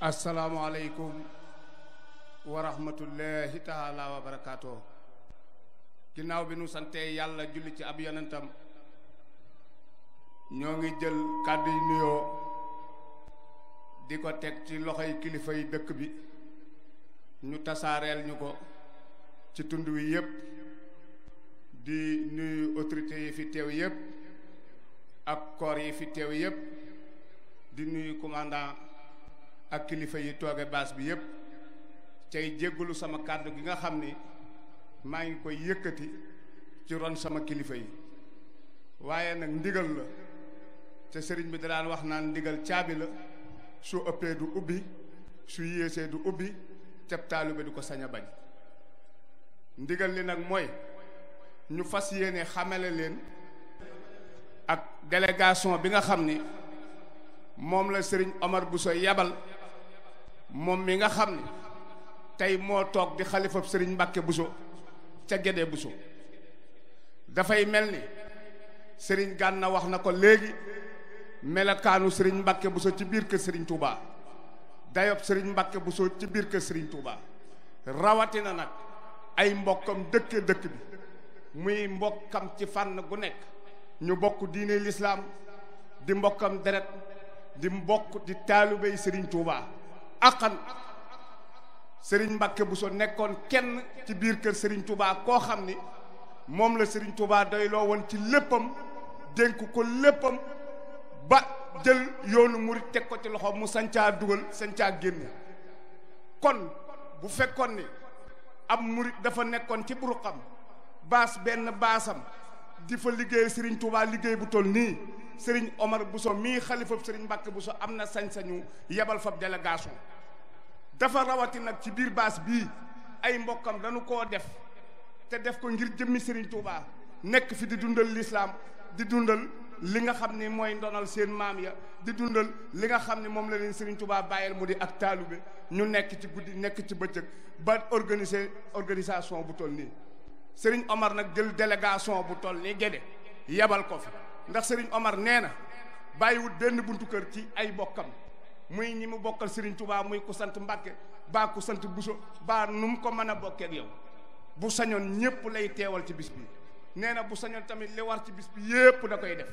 asalaamualeykum wa rahmatullahi taala wa ginnaaw bi nu santee yàlla julli ci ab yonentam ñoo ngi jël kàddu yi di ko teg ci loxoy kilifa yi dëkk bi ñu tasaareel ñu ko ci tund wi yépp di nuyu autorités yi fi teew yépp ak corps yi fi teew yépp di nuyu commandant ak kilifa yi tooge baas bi yépp ca jéggulu sama kàddu gi nga xam ni maa ngi koy yëkkati ci ron sama kilifa yi waaye nag ndigal la te sëriñ bi da daan wax naan ndigal caabi la su ëppee du ubbi su du ubbi cab taalibe du ko sañ a bañ ndigal li nag mooy ñu fas yéene xamale leen ak délégation bi nga xam ni moom la sëriñ Omar Bousso yabal moom mi nga xam ni tey moo toog di xalifab sëriñ Mbàkke Buso ca bu Buso dafay mel ni sëriñ na wax na ko léegi melakaanu mbakke bu Buso ci biir kër sëriñ Touba dayob mbakke bu Buso ci biir kër sëriñ Touba na nag ay mbokkam dëkke dëkk bi muy mbokkam ci fànn gu nekk ñu bokk diine lislaam di mbokkam deret di mbokk di taalibey sëriñ Touba àqan sëriñ Mbàkke bu so nekkoon kenn ci biir kër sëriñ Touba koo xam ni moom la sëriñ Touba doyloo woon ci léppam dénk ko léppam ba jël yoonu murit teg ko ci loxo mu sancaa dugal sancaa génn kon bu fekkoon ni ab murit dafa nekkoon ci buruqam baas benn baasam di fa liggéey sëriñ Touba liggéey bu toll nii Serigne Omar bu Bousso mii xalifa mbakk bu Bousso am na sañ-sañu yebal fab délégation dafa rawati ci biir baas bii ay mbokkam dañu ko def te def ko ngir jëmmi Serigne Touba nekk fi di dundal lislaam di dundal li nga xam ni mooy ndonal seen maam ya di dundal li nga xam ne moom la leen Serigne Touba bàyyil mu di ak taalube ñu nekk ci guddi nekk ci bëccëg ba organiser organisation bu tol nii Serigne Omar nag jël délégation bu toll nii Gédé yebal ko fi ndax Serigne Omar nee na bàyyiwut benn buntu kër ci ay bokkam muy ñi mu bokkal sëriñ Touba muy ku sant Mbàkke baa ku sant Buso baa nu mu ko mën a bokkee ak yow bu sañoon ñépp lay teewal ci bis bi nee na bu sañoon tamit li war ci bis bi yépp da koy def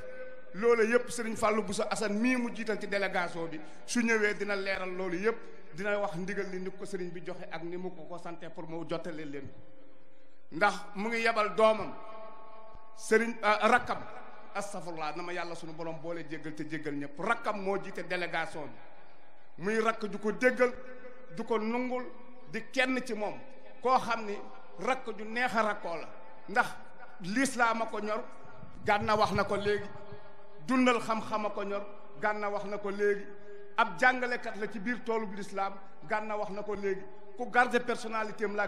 loolu yëpp sëriñ Fallou Bousso Assane mii mu jiital ci délégation bi su ñëwee dina leeral loolu yëpp dina wax ndigal li ni ko sëriñ bi joxe ak ni mu ko ko sante pour mu jottale leen ko ndax mu ngi yebal doomam sëriñ astafurlaa na ma yàlla sunu borom boole jéggal te jéggal ñëpp rakkam moo jiite délégation muy rakk du ko déggal du ko nungul di kenn ci moom koo xam ni rakk ju neex a rakkoo la ndax lislaam a ko ñor gànna wax na ko léegi dundal xam-xam a ko ñor gànna wax na ko léegi ab jàngalekat la ci biir toolub lislaam gànna wax na ko léegi ku garder personnalité am la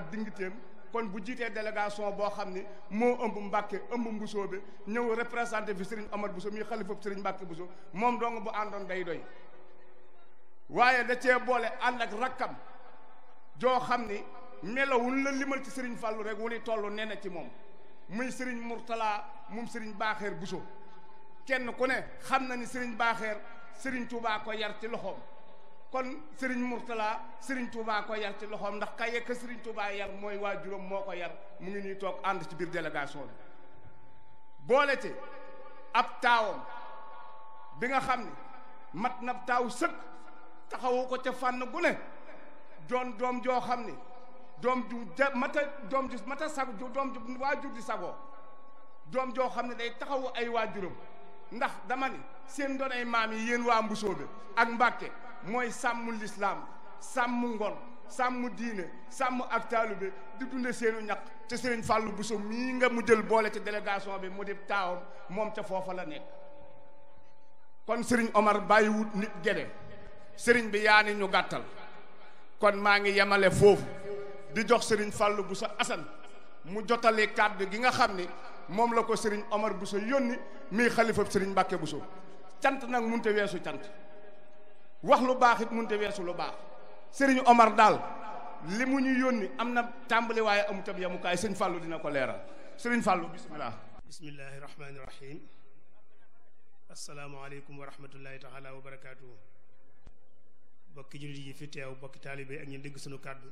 kon bu jiitee délégation boo xam ne moo ëmb Mbàkke ëmb Mbusoo bi ñëw représenté fi Serigne Amar Bousso mi xalifa Serigne Mbàkke Bousso moom dong bu àndoon day doy waaye da cee boole ànd ak rakkam joo xam ni melawul la limal ci Serigne Fallou rek wuli toll nee na ci moom muy Serigne Mourtala moom Serigne Baaxeer Bousso kenn ku ne xam na ni Serigne Baaxeer Serigne Touba ko yar ci loxoom. kon Serigne Mourtala Serigne Touba ko yar ci loxoom ndax ka yekk Serigne yar mooy waa juróom moo ko yar mu ngi ñuy toog ànd ci biir délégation boole ci ab taawam bi nga xam ne mat na taaw sëkk taxawu ko ca fànn gu ne doon doom joo xam ne doom ju mata doom ju mata sago waa ju waajur di sagoo doom joo xam ne day taxawu ay waa waajuram ndax dama ne seen doon ay maam yi yéen waa Mbusoobe ak Mbàkke mooy sàmm lislaam sàmm ngon sàmm diine sàmm ak taalube di dunde seenu ñaq te sëriñ Fallou Bousso mii nga mu jël boole ca délégation bi mu di taawam moom ca foofa la nekk kon sëriñ Omar bàyyiwut nit gede sëriñ bi yaa ni ñu gàttal kon maa ngi yemale foofu di jox sëriñ Fallou Bousso Assane mu jotale kàddu gi nga xam ni moom la ko sëriñ Omar Bousso yónni mii xalifab sëriñ Mbàkke Bousso cant nag munte weesu cant wax lu baax it munte weesu lu baax sëriñ Omar daal li mu ñu yónni am na tàmbali waaye amu yamukaay sëñ Fallou dina ko leeral sëriñ Fallou bisimilah. bismillahi rahmaani rahim asalaamaaleykum wa rahmatullahi taala wa barakaatuhu bokki jullit yi fi teew bokki taalibe ak ñu dégg sunu kàddu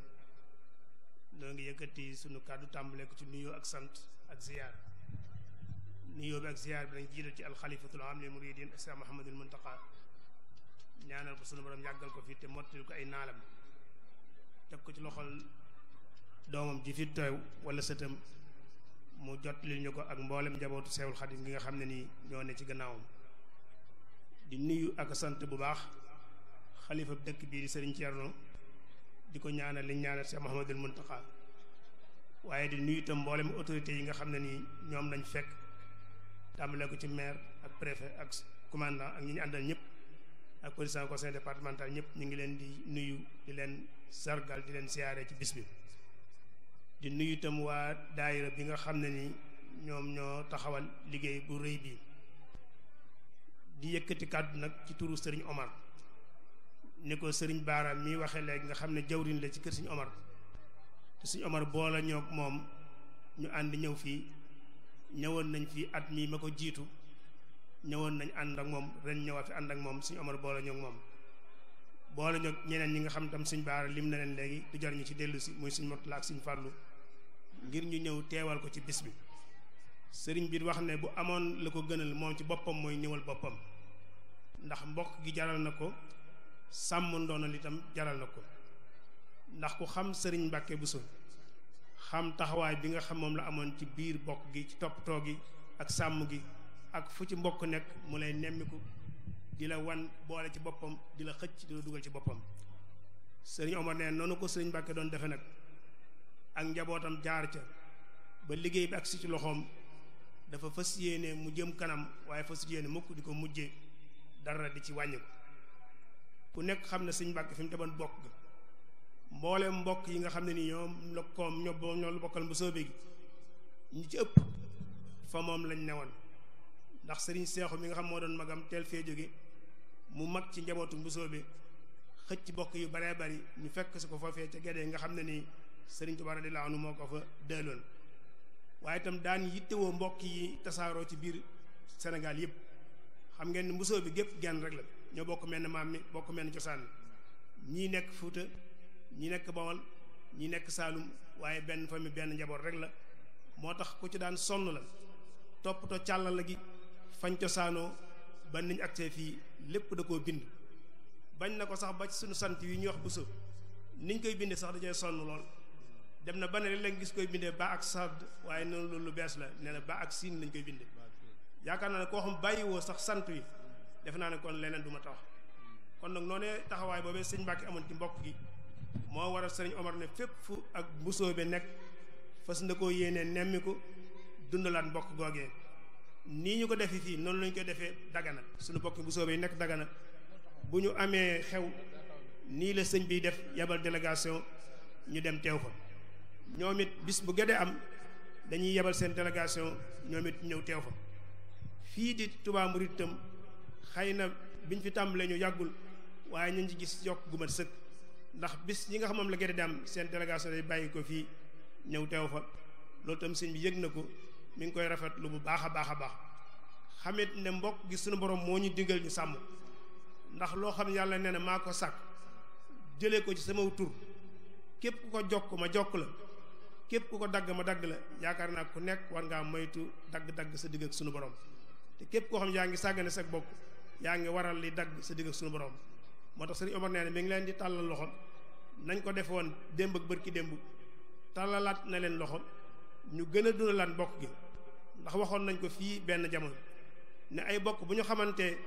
noo ngi yëkkati sunu kàddu tàmbale ko ci nuyoo ak sant ak ziyaar nuyoo bi ak ziyaar bi dañ jiital ci alxalifatul am li muridin Cheikh Mahamadul Muntaqa ñaanal ko sunu borom yàggal ko fii te mottil ko ay naalam teg ko ci loxol doomam ji fi teew wala sëtam mu jot li ñu ko ak mboolem jabootu Seexul Xadiim gi nga xam ne nii ñoo ne ci gannaawam di nuyu ak sant bu baax xalifa dëkk bii di Sëriñ Ceerno ko ñaanal li ñaanal Seex Muhammadul Muntaxa waaye di nuyu mboolem autorités yi nga xam ne nii ñoom lañ fekk tàmbale ko ci maire ak préfet ak commandant ak ñi ñu àndal ñëpp ak président conseil départemental ñëpp ñu ngi leen di nuyu di leen sargal di leen siyaare ci bis bi di nuyu tam waa daayira bi nga xam ne ni ñoom ñoo taxawal liggéey bu rëy bi di yëkkati kàddu nag ci turu sëriñ Omar ni ko sëriñ Baara mi waxe léegi nga xam ne jawriñ la ci kër sëriñ Omar te sëriñ Omar boola ñoog moom ñu ànd ñëw fii ñëwoon nañ fii at mii ma ko jiitu ñëwoon nañ ànd ak moom ren ñëwaat ànd ak moom suñu Omar boole ñoo ak moom boole ñoo ñeneen ñi nga xam tam suñu baara lim na leen léegi du jariñu ci dellu si muy suñ Murtala ak suñu Fàllu ngir ñu ñëw teewal ko ci bis bi sëriñ bi wax ne bu amoon la ko gënal moom ci boppam mooy ñëwal boppam ndax mbokk gi jaral na ko sàmm ndoonal itam jaral na ko ndax ku xam sëriñ Mbàkke Buso xam taxawaay bi nga xam moom la amoon ci biir bokk gi ci toppatoo gi ak sàmm gi ak fu ci mbokk nekk mu lay nemmiku di la wan boole ci boppam di la xëcc di la dugal ci boppam sëriñ Omar nee noonu ko sëriñ Mbàkke doon defe nag ak njabootam jaar ca ba liggéey bi ak si ci loxoom dafa fas yéene mu jëm kanam waaye fas yéene mukk di ko mujje dara di ci wàññi ku nekk xam ne sëriñ Mbàkke fi mu demoon bokk ga mboolem mbokk yi nga xam ne ni ñoom lokkoom ñoo ñoo bokkal bu soobe ñi ci ëpp fa moom lañ newoon ndax sëriñ seexu mi nga xam moo doon magam teel fee jóge mu mag ci njabootu mbusoo bi xëcc bokk yu baree bari ñu fekk su ko foofee ca gedde nga xam ne nii sëriñ Tuubaa radiyallaahu anhu moo ko fa dëloon waaye itam daan yittewoo mbokk yi tasaaroo ci biir Sénégal yëpp xam ngeen mbusoo bi gépp genn rek la ñoo bokk menn maam mi bokk menn cosaan ñii nekk Fuuta ñi nekk Bawol ñi nekk Saalum waaye benn famille benn njaboot rek la moo tax ku ci daan sonn la fañ cosaanoo ba niñ agsee fii lépp da koo bind bañ na ko sax ba ci suñu sant yi ñuy wax bu niñ koy bindee sax dañoy sonn lool dem na ba ne léeg gis koy bindee ba ak sadd waaye noonu loolu lu bees la nee na ba ak siin lañ koy bindee yaakaar naa ne koo xam bàyyiwoo sax sant wi def naa ne kon leneen du ma tax kon nag noonee taxawaay boobee sëñ Mbàkke amoon ci mbokk gi moo a sëriñ Omar ne fépp fu ak busoo bi nekk fas na koo yéenee nemmi ko dundalaat mbokk googee nii ñu ko defee fii noonu lañu ko defee dagana suñu bokk bu soobee nekk dagana bu ñu amee xew nii la sëñ bi def yabal délégation ñu dem teew ko ñoom it bis bu gëdee am dañuy yebal seen délégation ñoom it ñëw teew fa fii di Touba Mouride tam xëy na biñ fi tàmbalee ñu yàggul waaye ñu ngi ci gis yokk gu mat sëkk ndax bis yi nga xam la gëdee di am seen délégation day bàyyi ko fii ñëw teew fa loolu tam sëñ bi yëg na ko mu ngi koy rafetlu bu baax a baax a baax xamit ne mbokk gi suñu borom moo ñu digal ñu sàmm ndax loo xam yàlla nee na maa ko sàkk jëlee ko ci sama tur képp ku ko jokk ma jokk la képp ku ko dagg ma dagg la yaakaar naa ku nekk war ngaa moytu dagg-dagg sa digg ak sunu borom te képp koo xam yaa ngi sàggane seg bokk yaa ngi waral li dagg sa digg ak sunu borom moo tax sëriñ Omar nee na mi ngi leen di tàllal loxo nañ ko defe woon démb ak bërki démb tàllalaat na leen loxo ñu gën a dundalaat bokk gi ndax waxoon nañ ko fii benn jamono ne ay bokk bu ñu xamante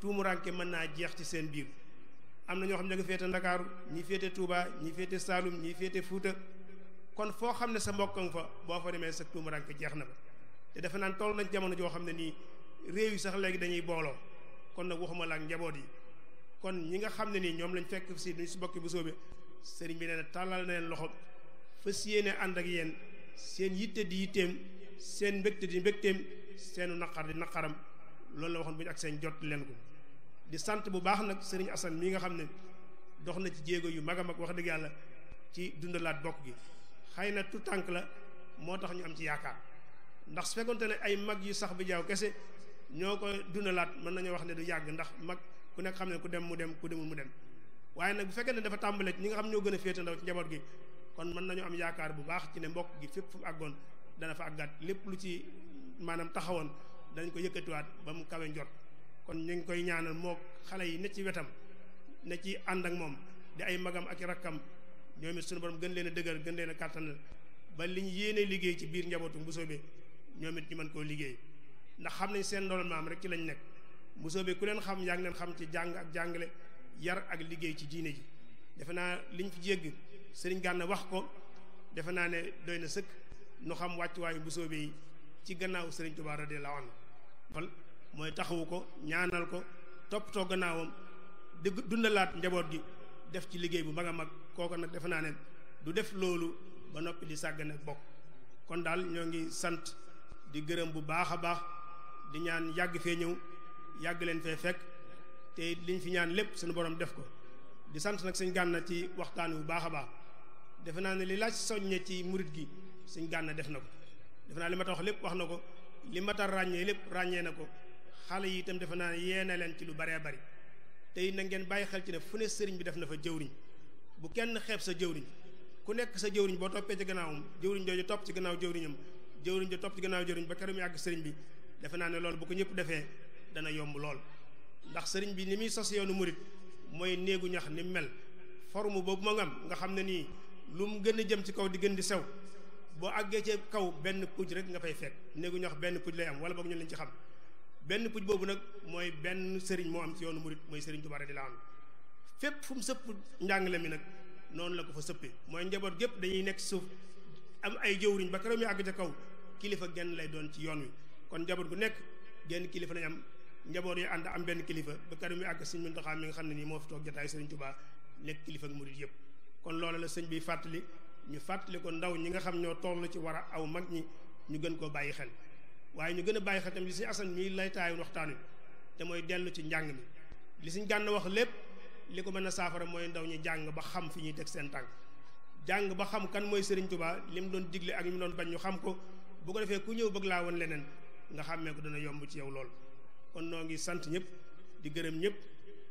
tuumuranke mën naa jeex ci seen biir am na ñoo xam ne nga féete Ndakaaru ñi féete Touba ñi féete Saalum ñi féete Fuuta kon foo xam ne sa mbokk nga fa boo fa demee sa tuumuranke jeex na ba te defe naan toll nañ jamono joo xam ne nii réew yi sax léegi dañuy booloo kon nag waxuma la njaboot yi kon ñi nga xam ne nii ñoom lañ fekk si duñ si bokki bu soobe sëriñ bi nee na tàllal na leen loxo fas yéene ànd ak yéen seen yitte di yitteem seen mbégte seenu naqar di naqaram loolu la waxoon bu ñu ak seen jot leen ko di sant bu baax nag sëriñ Assane mii nga xam ne dox na ci jéego yu mag a mag wax dëgg yàlla ci dundalaat bokk gi xëy na tout tànk la moo tax ñu am ci yaakaar ndax su fekkonte ne ay mag yu sax bi jaaw kese ñoo ko dundalaat mën nañoo wax ne du yàgg ndax mag ku nekk xam ne ku dem mu dem ku demul mu dem waaye nag bu fekkee ne dafa tàmbale ñi nga xam ñoo gën a féete ndaw ci njaboot gi kon mën nañu am yaakaar bu baax ci ne mbokk gi fépp fu mu àggoon dana fa ak àggaat lépp lu ci maanaam taxawoon dañ ko yëkkatiwaat ba mu kawee njot kon ñu ngi koy ñaanal moo xale yi ne ci wetam ne ci ànd ak moom di ay magam ak i rakkam ñoom it sunu borom gën leen a dëgër gën leen a kàttanal ba liñ yéene liggéey ci biir njabootu mbusoobe ñoom it ñu mën koo liggéey ndax xam nañ seen ndono maam rek ci lañ nekk mbusoobe ku leen xam yaa ngi leen xam ci jàng ak jàngale yar ak liggéey ci diine ji defe naa liñ fi jégg sëriñ Gana wax ko defe naa ne doy na sëkk xam wàccuwaayu mbusoobe yi ci gannaaw sëriñ Tuubaa radiyallaahu anhu mooy taxawu ko ñaanal ko toppatoo gannaawam di dundalaat njaboot gi def ci liggéey bu mag a mag kooku nag defe naa ne du def loolu ba noppi di sàggane bokk kon daal ñoo ngi sant di gërëm bu baax a baax di ñaan yàgg fee ñëw yàgg leen fee fekk te liñ fi ñaan lépp suñu borom def ko di sant nag suñ gànna ci waxtaan bu baax a baax defe naa ne li laaj soññe ci murit gi suñ gànna def na ko defe li ma ta lépp wax na ko li matar ràññee lépp ràññee na ko xale yi itam defe naa ne yee na leen ci lu baree bari tey na ngeen bàyyi xel ci ne fu ne sëriñ bi def na fa jëwriñ bu kenn xeeb sa jëwriñ ku nekk sa jëwriñ boo toppee ci gannaawam jëwriñ jooju topp ci gannaaw jëwriñam jëwriñ jo topp ci gannaaw jëwriñ ba keroog mu yàgg sëriñ bi defe naa ne lool bu ko ñëpp defee dana yomb lool ndax sëriñ bi ni muy sos yoonu murit mooy néegu ñax ni mel forme boobu ma nga am nga xam ne nii lu mu gën a jëm ci kaw di di sew boo àggee ci kaw benn puj rek nga fay fekk néegu ñax benn puj lay am wala boog ñu lañ ci xam benn puj boobu nag mooy benn sëriñ moo am ci yoonu murit mooy sëriñ Tuubaa radiyallaahu anhu fépp fu mu sëpp njàngale mi nag noonu la ko fa sëppee mooy njaboot gépp dañuy nekk suuf am ay jëwriñ ba keroog ñu àgg ca kaw kilifa genn lay doon ci yoon wi kon njaboot gu nekk genn kilifa lañ am njaboot yi ànd am benn kilifa ba keroog ñu àgg sëñ Muntaxaa mi nga xam ne nii moo fi toog jataay sëriñ Tuubaa nekk kilifa ak murit yëpp kon loola la sëñ bi fàttali ñu fàttali ko ndaw ñi nga xam ñoo toll ci war a aw mag ñi ñu gën koo bàyyi xel waaye ñu gën a bàyyi xel tamit li si asan mii lay taayu waxtaan wi te mooy dellu ci njàng mi li siñ gànn wax lépp li ko mën a saafara mooy ndaw ñi jàng ba xam fi ñuy teg seen tànk jàng ba xam kan mooy Serigne Touba li mu doon digle ak li mu doon bañ ñu xam ko bu ko defee ku ñëw bëgg laa woon leneen nga xàmmee ko dana yomb ci yow lool kon noo ngi sant ñëpp di gërëm ñëpp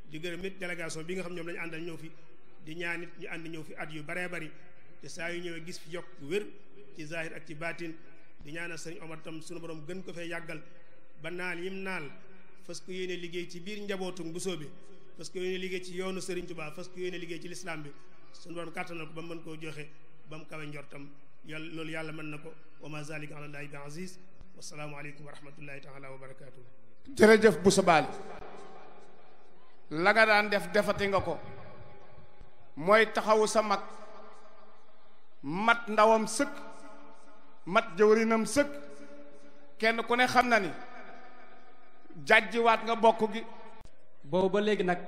di gërëm it délégation bi nga xam ñoom lañu àndal ñëw fi di ñaan it ñu ñëw fi at yu baree bari te saa yu ñëwee gis fi yokk wér ci zahir ak ci baatin di ñaanal sëriñ Omar tam sunu borom gën ko fee yàggal ba naal yim naal fas ko yéene liggéey ci biir njabootu mbusoo bi fas ko yéene liggéey ci yoonu sëriñ Tuubaa fas ko yéene liggéey ci lislaam bi sunu borom kàttanal ko ba mu mën koo joxe ba mu kawe njortam yàlla loolu yàlla mën na ko wa ma zalika ala llaahi bi aziz wasalaamu aleykum wa rahmatullahi taala wa barakatuh jërëjëf bu sabaali la nga ko mooy mat ndawam sëkk mat jëwrinam sëkk kenn ku ne xam na ni jàjjiwaat nga bokk gi boobu ba léegi nag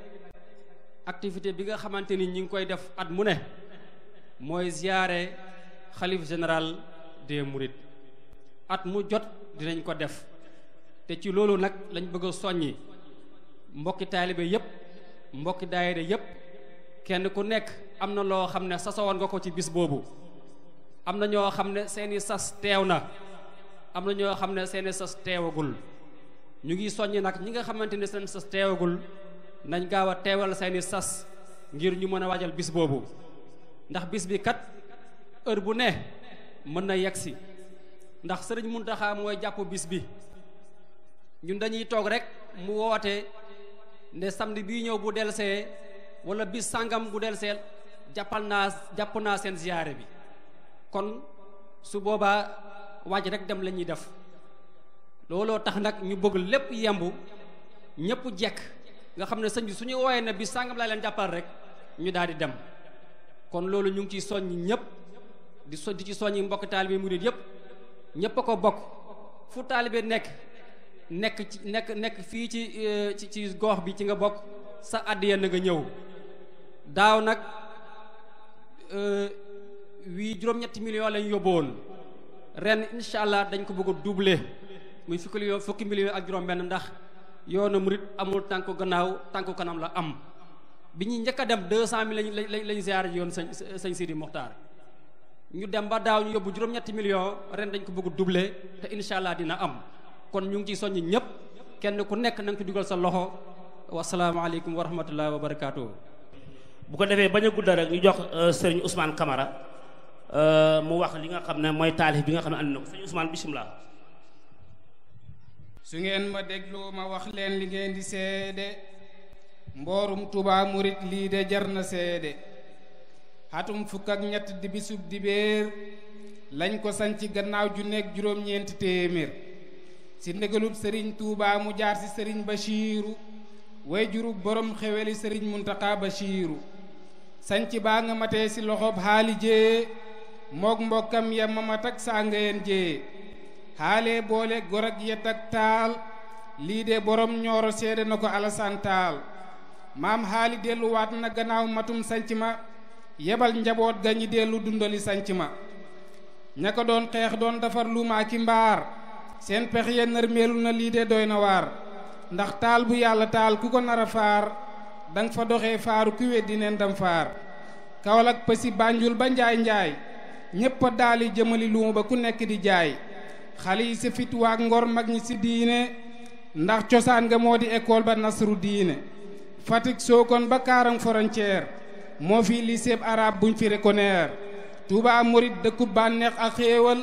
activité bi nga xamante ni ñi ngi koy def at mu ne mooy ziyaare xalif général des mourides at mu jot dinañ ko def te ci loolu nag lañ bëgg a soññi mbokki taalibe yépp mbokki daayira yépp kenn ku nekk am na loo xam ne sasowoon nga ko ci bis boobu am na ñoo xam ne seeni sas teew na am na ñoo xam ne seeni sas teewagul ñu ngi soññ nag ñi nga xamante ne seen sas teewagul nañ gaaw a teewal seeni sas ngir ñu mën a waajal bis boobu ndax bis bi kat heure bu ne mën na yegg si ndax sëriñ Muntaxa mooy jàpp bis bi ñun dañuy toog rek mu woote ne samedi bii ñëw bu delsee wala bis sàngam bu delsee jàppal naa jàpp naa seen ziyaare bi kon su boobaa waaj rek dem la ñuy def looloo tax nag ñu bëgg lépp yemb ñëpp jekk nga xam ne sëñ bi su ñu wooyee ne bi sàngam laa leen jàppal rek ñu daal di dem kon loolu ñu ngi ciy soññ ñëpp di so di ci soññi mbokk taalibe murid yëpp ñëpp a ko bokk fu taalibe nekk nekk ci nekk nekk fii ci e, ci ci goox bi ci nga bokk sa àddiya na nga ñëw daaw nag. E, wii juróom-ñetti millions lañ yóbboon ren incha allah dañ ko bëgg a doubler muy fukki million ak juróom-benn ndax yoonu it amul tànku gannaaw tànku kanam la am. bi ñuy njëkk a dem deux cent mille lañ lañ lañ ziare yoon sëñ sëñ Sidi Mokhtar ñu dem ba daaw ñu yóbbu juróom-ñetti millions ren dañ ko bëgg a te incha allah dina am kon ñu ngi ciy soññ ñëpp kenn ku nekk na nga ci sa loxo wasalaamaaleykum wa rahmatullahi wa bu ko defee bañ a guddal rek ñu jox euh, sëriñ Ousmane Camara. Euh, mu wax li nga xam ne mooy taalif bi nga xam su ngeen ma dégloo ma wax leen li ngeen di seede mboorum Tuubaa murit lii de jar na seede xatum fukk ak ñett di bisub dibéer lañ ko sanc gannaaw ju nekk juróom-ñeenti téeméer ci ndégalub sëriñ Tuubaa mu jaar si sëriñ Bachiiru way jurub borom xeweli sëriñ Muntaxa Bachiiru sanc baa nga matee ci loxob xaalijee moog mbokkam ya mamat ak saangayeen jee xaale boole gor ak yet ak taal lii de borom ñooro seede na ko alasan taal maam xaali delluwaat na gannaaw matum sanc ma yebal njaboot ga dellu dundali sanc ma ña ko doon xeex doon defar luuma ki mbaar seen pex ya nërmeelu na lii de doy na waar ndax taal bu yàlla taal ku ko nar a faar danga fa doxee faaru ku weddi neen dam faar Kaolack pësi Banjul ba njaay njaay ñépp a daali jëmali luuma ba ku nekk di jaay xale yi sa fit waak ngor mag ñi si diine ndax cosaan nga moo di école ba nasru diine Fatick Sokone ba Kaarang frontière moo fii lycée araab buñ fi reconnaître Touba Mouride dëkku bànneex ak xéewal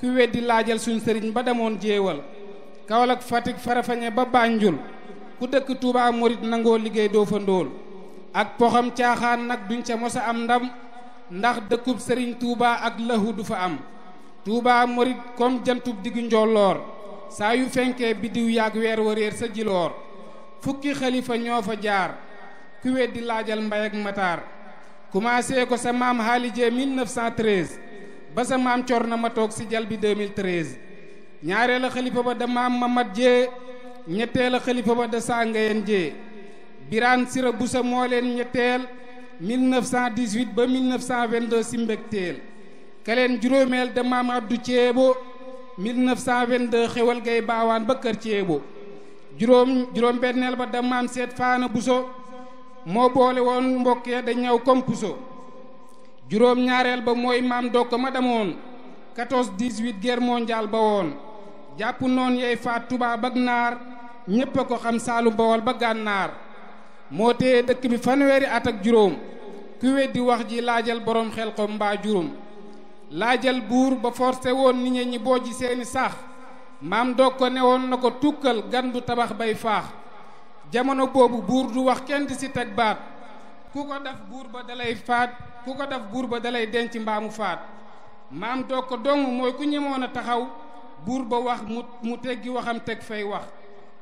ku weddi laajal suñ sëriñ ba demoon jéewal Kaolack Fatick Farafañe ba Banjul ku dëkk Touba Mouride nangoo liggéey doo fa ndóol ak poxam caaxaan nag duñ ca am ndam ndax dëkkub sëriñ Touba ak lahu du fa am Touba morit comme jantub diggu njolloor saa yu fenkee biddiw weer wa réer sa jiloor fukki xalifa ñoo fa jaar ku di laajal mbay ak mataar commencé ko sa maam haalijee 1913 ba sa maam cor na ma toog si jal bi xalifa ba da maam mamat jee ñetteel xalifa ba da saa ngayeen jee biraan sira bu sa moo leen ñetteel 1918 ba 1922 si mbégteel keleen juróomeel de maam Abdou Ceebo 1922 xewal gay baawaan ba kër Ceebo juróom juróom benneel ba de maam seet faana buso moo boole woon mbokk ya da ñaw comme puso juróom ñaareel ba mooy maam dokk ma damoon 14 18 ba woon jàpp noonu yey faat tubaab ak naar ñépp ko xam saalu bawol ba gànnaar moo téye dëkk bi fanweeri at ak juróom ku weddi wax ji laajal boroom xel ko mbaa juróom laajal buur ba forcé woon nit ñi ji seeni saax maam doog ko ne woon na ko tukkal gan tabax bay faax jamono boobu buur du wax kenn ci teg baat ku ko def buur ba dalay faat ku ko def buur ba dalay denc mbaa mu faat maam doog ko dong mooy ku ñemoon a taxaw buur ba wax mu mu teggi waxam teg fay wax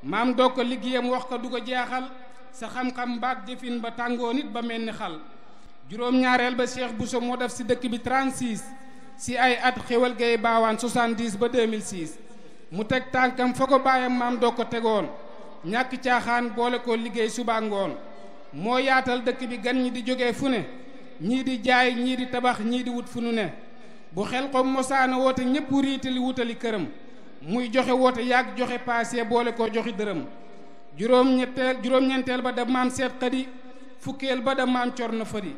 maam doog ko liggéeyam wax ko du ko jaaxal sa xam-xam baag jëfin ba tàngoo nit ba mel ni xal juróom-ñaareel ba bu so moo def si dëkk bi 36 si ay at xéwal gay baawaan 70 ba 2006 mu teg tànkam fa ko bàyyam maam doo ko tegoon ñàkk caaxaan boole koo liggéey suba ngoon moo yaatal dëkk bi gan ñi di jóge fu ne ñii di jaay ñii di tabax ñii di wut fu nu ne bu xel ko mosaana woote ñépp riitali wutali këram muy joxe woote yàgg joxe paase boole koo joxi dërëm juróom ñetteel juróom-ñeenteel ba da maam seet xadi fukkeel ba da maam cor na fëri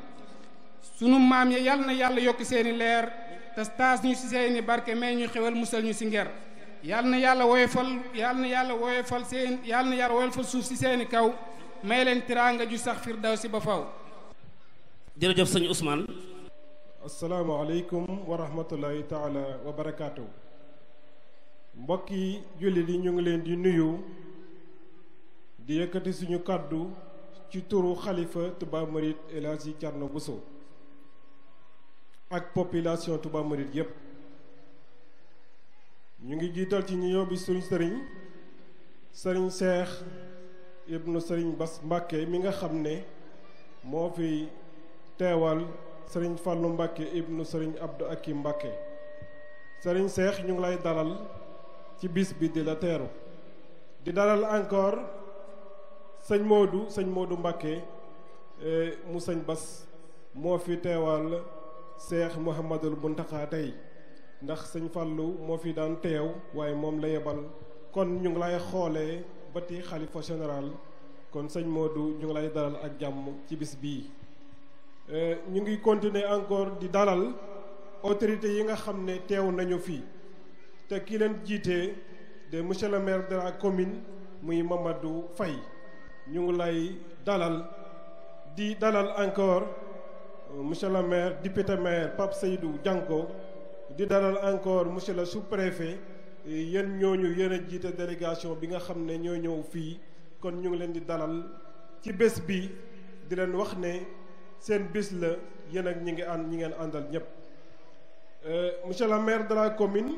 sunu maam yi yal na yàlla yokk seeni leer te taas ñu si seeni barke may ñu xewal musal ñu si nger yal na yàlla woyofal yal na yàlla woyofal seen yal na yàlla woyofal suuf si seeni kaw may leen tiraanga ju sax si ba faw jërëjëf sëñ Ousmane asalaamaaleykum wa rahmatullahi taala wa barakaatu mbokki jullit yi ñu ngi leen di nuyu di yëkkati suñu kàddu ci turu xalifa Touba Mouride El Hadji Thierno Bousso ak population Touba Mouride yépp ñu ngi jiital ci ñi yóbbi suñu sëriñ sëriñ seex ibnu sëriñ Bass Mbàkke mi nga xam ne moo fi teewal sëriñ Fàllu Mbàkke ibnu sëriñ Abdou Akim Mbàkke sëriñ seex ñu ngi lay dalal ci bis bi di la teeru di dalal encore sëñ Modou sëñ Modou Mbacké e, mu sëñ Bas moo fi teewal Cheikh Mouhamadul Buntaxa tey ndax sëñ Fallou moo fi daan teew waaye moom la yebal kon ñu ngi lay xoolee ti xalifa général kon sëñ Modou ñu ngi lay dalal ak jàmm ci bis bii e, ñu ngi continuer encore di dalal autorités yi nga xam ne teew nañu fii te kii leen jiitee de monsieur le maire de commune muy Mamadou Faye ñu ngi lay dalal di dalal encore euh, monsieur le maire député maire Pape Seydou di dalal encore monsieur le sous yéen ñooñu yéen a jiite délégation bi nga xam ne ñoo ñëw fii kon ñu ngi leen di dalal ci bés bi di leen wax ne seen bés la yéen ak ñi ngi ànd ñi ngeen àndal ñépp euh, monsieur le maire dara commune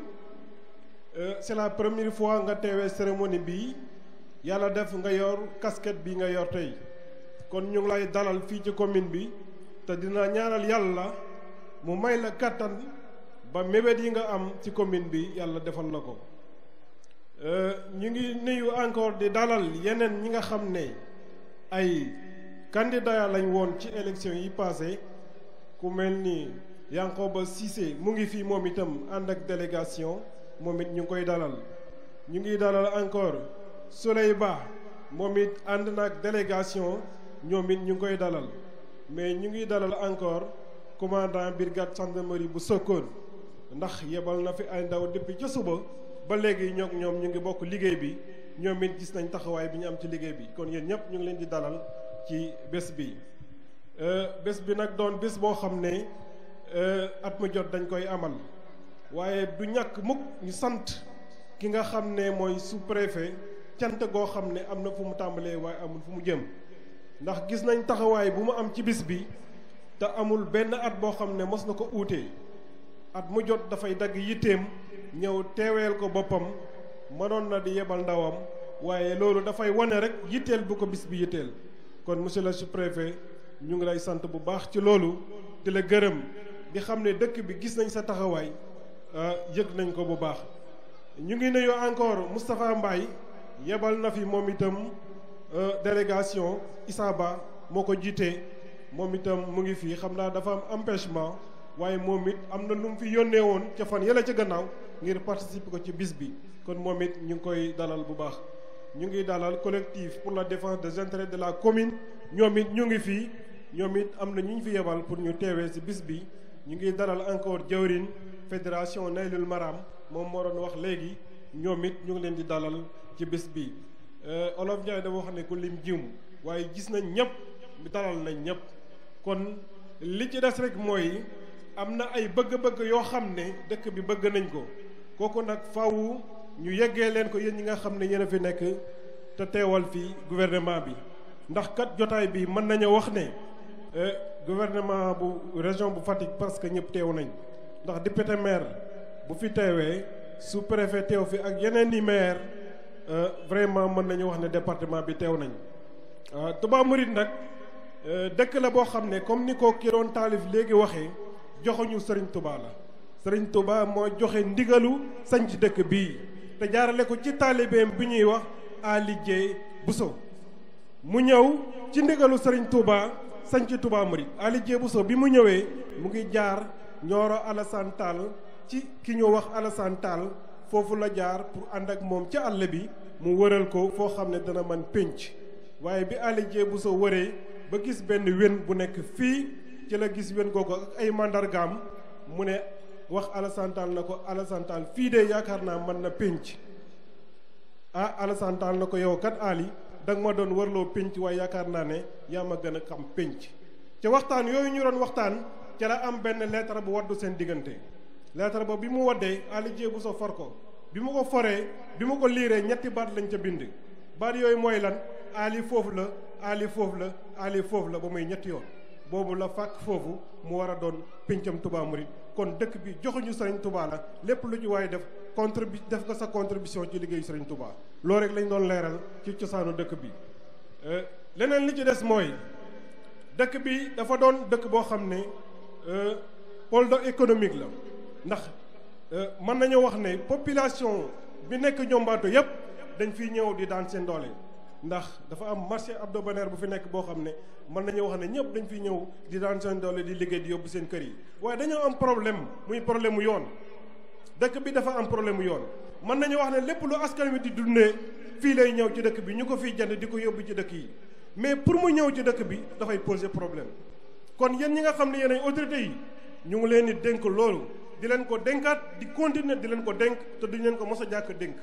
euh, c'est la fois nga teewee cérémonie bi yàlla def nga yor kasket bi nga yor tey kon ñu ngi lay dalal fii ci commune bi te dina ñaanal yàlla mu may la kàttan ba mébét yi nga am ci commune bi yàlla defal na ko euh, ñu ngi nuyu encore di dalal yeneen ñi nga xam ne ay candidat lañ woon ci élection yi passé ku mel ni ba Cissé mu ngi fii moom itam ànd ak délégation moom it ñu ngi koy dalal ñu ngi dalal encore Souley Ba moom it ànd na ak délégation ñoom it ñu ngi koy dalal mais ñu ngi dalal encore commandant brigade gendarmerie bu Sokone ndax yebal na fi ay ndaw depuis ca suba ba léegi ñoog ñoom ñu ngi bokk liggéey bi ñoom it gis nañ taxawaay bi ñu am ci liggéey bi kon yéen ñëpp ñu ngi leen di dalal ci bés bi. Euh, bés bi nag doon bés boo xam ne euh, at mu jot dañ koy amal waaye du ñàkk mukk ñu sant ki nga xam ne mooy sous cant goo xam ne am na fu mu tàmbalee waaye amul fu mu jëm ndax gis nañ taxawaay bu mu am ci bis bi te amul benn at boo xam ne mos na ko uute at mu jot dafay dagg yitteem ñëw teeweel ko boppam mënoon na di yebal ndawam waaye loolu dafay wane rek yitteel bu ko bis bi yitteel kon monsieur le sous-préfet ñu ngi lay sant bu baax ci loolu di la gërëm di xam ne dëkk bi gis nañ sa taxawaay ah, yëg nañ ko bu baax ñu ngi nuyu encore Moustapha Mbaye yebal na fi moom itam euh, délégation Issa Ba moo ko jiitee moom itam mu ngi fii xam naa dafa am empêchement waaye moom it am na lu mu fi yónnee woon ca fan yële ca gannaaw ngir participer ko ci bis bi kon moom it ñu ngi koy dalal bu baax ñu ngi dalal collectif pour la défense de intérêts de la commune ñoom it ñu ngi fii ñoom it am na ñu ñu fi yebal pour ñu teewee ci bis bi ñu ngi dalal encore jawrin fédération Naylul Maram moom moo wax léegi ñoom it ñu ngi leen di dalal ci bis bi euh, olof Njaay dafa wax ne ku lim jiw waaye gis nañ ñëpp dalal nañ ñëpp kon li ci des rek mooy am na ay bëgg-bëgg yoo xam ne dëkk bi bëgg nañ ko kooku nag faw ñu yeggee leen ko yéen ñi nga xam ne yéen a fi nekk te teewal fi gouvernement bi ndax kat jotaay bi mën nañu wax ne euh, gouvernement bu région bu Fatick parce que ñëpp teew nañ ndax député maire bu fi teewee su préfet teew fi ak yeneen i maire Euh, vraiment mën nañu wax ne département bi teew nañ euh, Touba Mouride nag euh, dëkk la boo xam ne comme ni ko ki doon taalif léegi waxee joxuñu sëriñ Touba la Serigne Touba moo joxe ndigalu sanc dëkk bii te jaarale ko ci taalibeem bi ñuy wax Ali Dieye Bousso mu ñëw ci ndigalu sëriñ Touba sanc Touba Mouride Ali bu Bousso bi mu ñëwee mu ngi jaar Nioro Alassane Tall ci ki ñu wax Alassane Tall foofu la jaar pour ànd ak moom ca àll bi mu wëral ko foo xam ne dana man pénc waaye bi Aly Dieng bu sa wëree ba gis benn wen bu nekk fii ci la gis wen googu ak ay mandargaam mu ne wax Alassane Tall na ko Alassane Tall fii de yaakaar naa mën na pénc ah Alassane Tall na ko yow kat Aly da nga ma doon warloo pénc waaye yaakaar naa ne yaa ma gën a xam pénc ca waxtaan yooyu ñu doon waxtaan ca la am benn lettre bu waddu seen diggante lettre ba bi mu waddee Aly Dieng bu sa for ko bi ma ko foree bi ma ko liiree ñetti baat lañ ca bind baat yooyu mooy lan ali foofu la ali foofu la ali foofu la ba muy ñetti yoon boobu la fàkk foofu mu war a doon péncam Touba Mouride kon dëkk bi joxuñu Serigne Touba la lépp lu ñu waaye def contribu def nga sa contribution ci liggéeyu Serigne Touba loolu rek lañu doon leeral ci cosaanu dëkk bi euh, leneen li ci des mooy dëkk bi dafa doon dëkk boo xam ne euh, pôle économique la ndax Euh, mën nañoo wax ne population bi nekk ñombaato yëpp dañ fiy ñëw di daan seen doole ndax dafa am marché hebdomadaire bu fi nekk boo xam ne mën nañu wax ne ñëpp dañ fiy ñëw di daan seen doole di liggéey di yóbbu seen kër yi waaye dañoo am problème muy problème mu yoon dëkk bi dafa am problème mu yoon mën nañu wax ne lépp lu askan wi di dundee fii lay ñëw ci dëkk bi ñu ko fiy jënd di ko yóbbu ci dëkk yi mais pour mu ñëw ci dëkk bi dafay poser problème kon yéen ñi nga xam ne yéen ay autorités yi ñu ngi leen di dénk loolu di leen ko dénkaat di continuer di leen ko dénk te duñ leen ko mos a jàkk dénk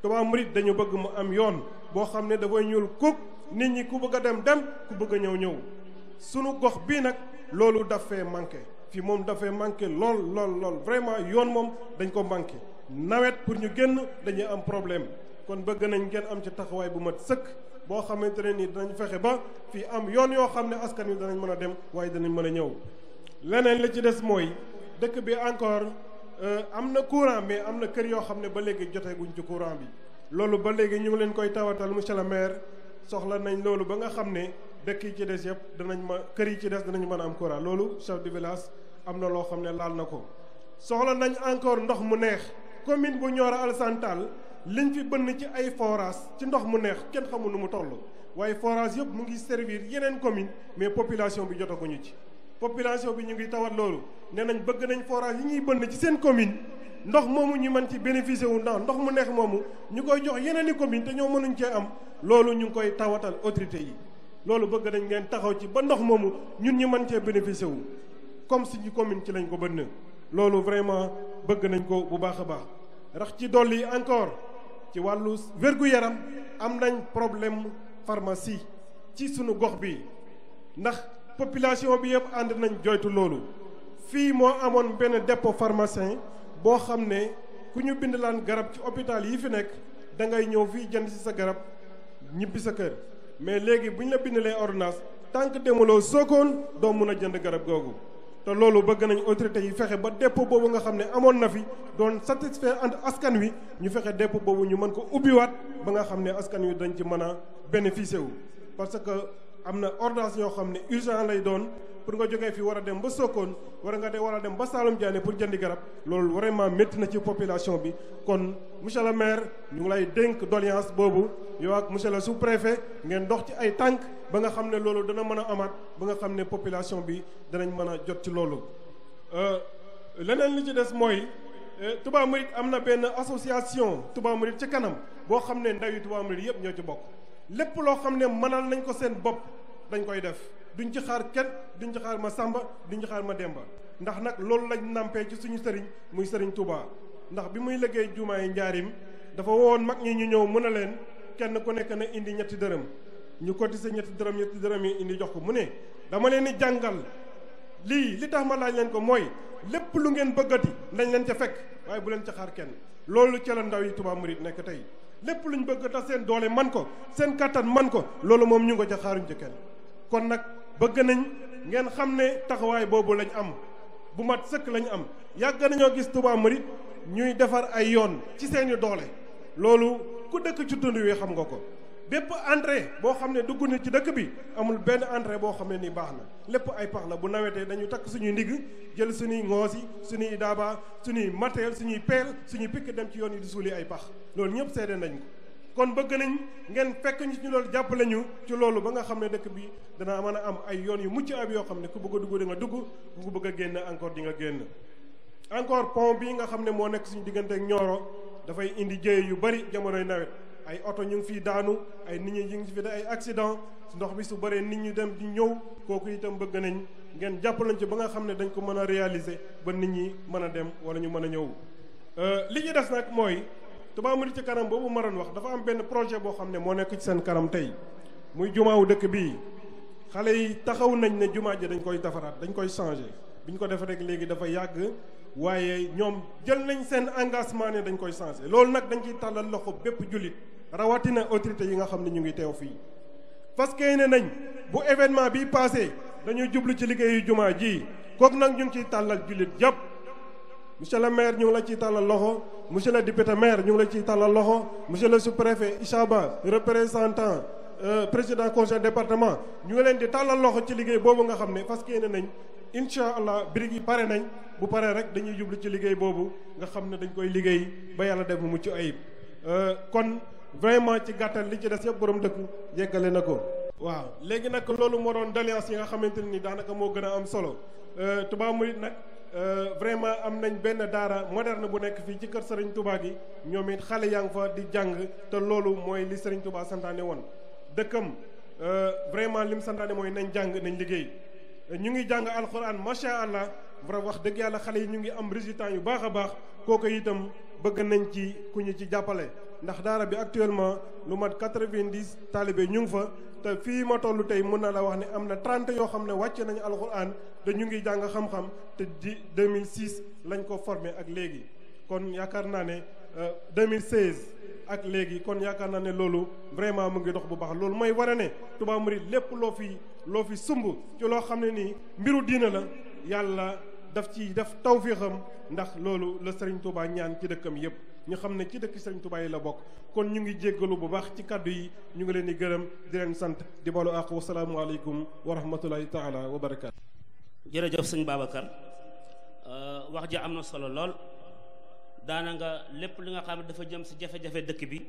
Touba Mouride dañu bëgg mu am yoon boo xam ne dafay ñuul kuk nit ñi ku bëgg a dem dem ku bëgg a ñëw ñëw sunu gox bii nag loolu dafee manqué fii moom dafay manqué lool lool lool vraiment yoon moom dañ ko manqué nawet pour ñu génn dañuy am problème kon bëgg nañ ngeen am ci taxawaay bu mat sëkk boo xamante ne nii danañ fexe ba fii am yoon yoo xam ne askan wi danañ mën a dem waaye danañ mën a ñëw leneen li ci des mooy dëkk bi encore euh, am na courant mais am na kër yoo xam ne ba léegi joteeguñ ci courant bi loolu ba léegi ñu ngi leen koy tawatal monsieur le maire soxla nañ loolu ba nga xam ne dëkk yi ci des yëpp danañ ma kër yi ci des danañ mën a am courant loolu chef di village am na loo xam ne laal na ko soxla nañ encore ndox mu neex commune bu Nioro Alassane Tall liñ fi bënn ci ay forage ci ndox mu neex kenn xamul nu mu toll waaye forage yëpp mu ngi servir yeneen commune mais population bi jotaguñu ci population bi ñu ngi tawat loolu nee nañ bëgg nañ forage yi ñuy bënn ci seen commune ndox moomu ñu mën ci bénéficier wu ndax ndox mu neex moomu ñu koy jox yeneen i commune te ñoo mënuñ cee am loolu ñu ngi koy tawatal autorité yi loolu bëgg nañ ngeen taxaw ci ba ndox moomu ñun ñu mën cee bénéficier wu comme suñu commune ci lañ ko bënn loolu vraiment bëgg nañ ko bu baax a baax rax ci dolli encore ci wàllu wérgu gu yaram am nañ problème pharmacie ci suñu gox bi ndax population bi yëpp ànd nañ joytu loolu fii moo amoon benn dépôt pharmacien boo xam ne ku ñu bind laan garab ci hôpital yi fi nekk da ngay ñëw fii jënd si sa garab ñibbi sa kër mais léegi bu ñu la bindalee ordonnance tant que demuloo sookoon doo mun a jënd garab googu te loolu bëgg nañ autorités yi fexe ba dépôt boobu nga xam ne amoon na fi doon satisfaire ànd askan wi ñu fexe dépôt boobu ñu mën ko ubbiwaat ba nga xam ne askan wi dañ ci mën a bénéficier wu am na ordonnance yoo xam ne urgent lay doon pour nga jógee fi war a dem ba sookoon war nga de war a dem ba Saalum Diané pour jëndi garab loolu vraiment métti na ci population bi kon monsieur le maire ñu ngi lay dénk doléance boobu yow ak monsieur le sous-préfet ngeen dox ci ay tànk ba nga xam ne loolu dana mën a amaat ba nga xam ne population bi danañ mën a jot ci loolu euh, leneen li ci des mooy euh, Touba Mouride am na benn association Touba Mouride ci kanam boo xam ne ndaw yi Touba Mouride yëpp ñoo ci bokk lépp loo xam ne mënal nañ ko seen bopp dañ koy def duñ ci xaar kenn duñ ci xaar ma sàmba duñu ci xaar ma demba ndax nag loolu lañ nàmpee ci suñu sëriñ muy sëriñ Touba ndax bi muy liggéey jumaa yi njaarim dafa wowoon mag ñi ñu ñëw mën a leen kenn ku nekk na indi ñetti dërëm ñu ko cotisé ñetti dërëm ñetti dërëm yi indi jox ko mu ne dama leen di jàngal lii li tax ma laaj leen ko mooy lépp lu ngeen bëggati nañ leen ca fekk waaye bu leen ca xaar kenn loolu ca ndaw yi Touba Mouride nekk tey lépp luñ bëgg tax seen doole man ko seen kàttan man ko loolu moom ñu ngi ko ca xaaruñ ci kenn kon nag bëgg nañ ngeen xam ne taxawaay boobu lañ am bu mat sëkk lañ am yàgg nañoo gis Touba Mouride ñuy defar ay yoon ci seen seeni doole loolu ku dëkk ci tund wi xam nga ko bépp entrée boo xam ne dugg na ci dëkk bi amul benn entrée boo xam ne nii baax na lépp ay pax la bu nawetee dañu takk suñuy ndigg jël suñuy ngoos yi suñuy daaba suñuy matériel suñuy peel suñu pikk dem ci yoon yi di suuli ay pax loolu ñëpp seede nañ ko kon bëgg nañ ngeen fekk ñu ci loolu jàppale ñu ci loolu ba nga xam ne dëkk bi danaa mën a am ay yoon yu mucc ab yoo xam ne ku bëgg a dugg di nga dugg ku bëgg génn encore di nga génn encore pont bi nga xam ne moo nekk suñu diggante ak Nioro dafay indi jéey yu bari jamonoy nawet ay oto ñu ngi fiy daanu ay nit ñi ñu ngi fi de ay accident ndox bi su baree nit ñu dem di ñëw kooku itam bëgg nañ ngeen jàppalañ ci ba nga xam ne dañ ko mën a réaliser ba nit ñi mën a dem wala ñu mën a ñëw. Euh, li ñu des nag mooy Touba Modi ci kanam boobu ma wax dafa am benn projet boo xam ne moo nekk ci seen kanam tey muy jumaa wu dëkk bii xale yi taxaw nañ ne jumaa ji dañ koy defaraat dañ koy changer bi ñu ko defee rek léegi dafa yàgg. waaye ñoom jël nañ seen engagement ne dañ koy changé loolu nag dañ ciy tàllal loxo bépp jullit rawatina autorité yi nga xam ne ñu ngi teew fii parce que ne nañ bu événement bi passé dañuy jublu ci liggéeyu jumaa ji kook nag ñu ngi ciy tàllal jullit yëpp monsieur le maire ñu ngi la ciy tàllal loxo monsieur le député maire ñu ngi la ciy tàllal loxo monsieur le sous-préfet Ishaba représentant euh, président conseil département ñu ngi leen di tàllal loxo ci liggéey boobu nga xam ne parce que ne nañ incha allah birig yi pare nañ bu paree rek dañuy jublu ci liggéey boobu nga xam ne dañ koy liggéey ba yàlla def mu mucc ayib euh, kon vraiment ci gàttal li ci des yëpp borom dëkku yeggale na ko. waaw léegi nag loolu moo doon doléance yi nga xamante ne ni daanaka moo gën a am solo euh, tubaab Mouride nag euh, vraiment am nañ benn daara moderne bu nekk fii ci kër Serigne Touba gi ñoom it xale yaa ngi fa di jàng te loolu mooy li Serigne Touba santaane woon dëkkam vraiment lim santaane mooy nañ jàng nañ liggéey. ñu ngi jàng alxuraan macha allah vraiment wax dëgg yàlla xale yi ñu ngi am résultat yu baax a baax kooku itam bëgg nañ ci ku ñu ci jàppale. ndax daara bi actuellement lu mat quatre-vingt-dix taalibe ñu ngi fa te fii ma toll tey mën na la wax ni am na trente yoo xam ne wàcce nañu alxuraan te ñu ngi jàng xam-xam te di 2006 lañ ko formé ak léegi. kon yaakaar naa ne 2016 euh, ak léegi kon yaakaar naa ne loolu vraiment mu ngi dox bu baax loolu mooy wara ne Touba Mouride lépp loo fii loo fi sumb ci loo xam ne ni mbiru diina la yàlla daf ci def taw tawféexam ndax loolu la Serigne Touba ñaan ci dëkkam yépp ñu xam ne ci dëkk Serigne Touba yi la bokk kon ñu ngi jéggalu bu baax ci kàddu yi ñu ngi leen di gërëm di leen sant di balu àq wasalaamualeykum wa rahmatulahi taala wa barakaatu. jërëjëf sëñ Babacar euh, wax ji am na solo lool daana lépp li nga xam ne dafa jëm si jafe-jafe dëkk bi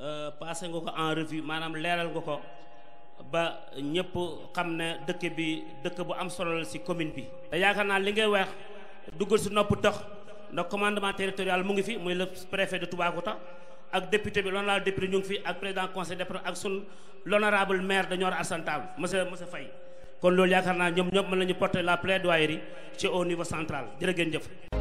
euh, passé nga ko en revue maanaam leeral nga ko. ba ñëpp xam ne dëkk bi dëkk bu am solo la ci commune bi. te yaakaar naa li ngay wax duggal ci nopp dox ndax commandement territorial mu ngi fi muy le préfet de Toubacouta ak député bi l'honorable député ñu ngi fi ak président conseil départemental ak sun l'honorable maire de Nioro Alassane Tall monsieur monsieur Faye kon loolu yaakaar naa ñoom ñëpp mën nañu porter la plaidoirie ci au niveau central jërë jëf.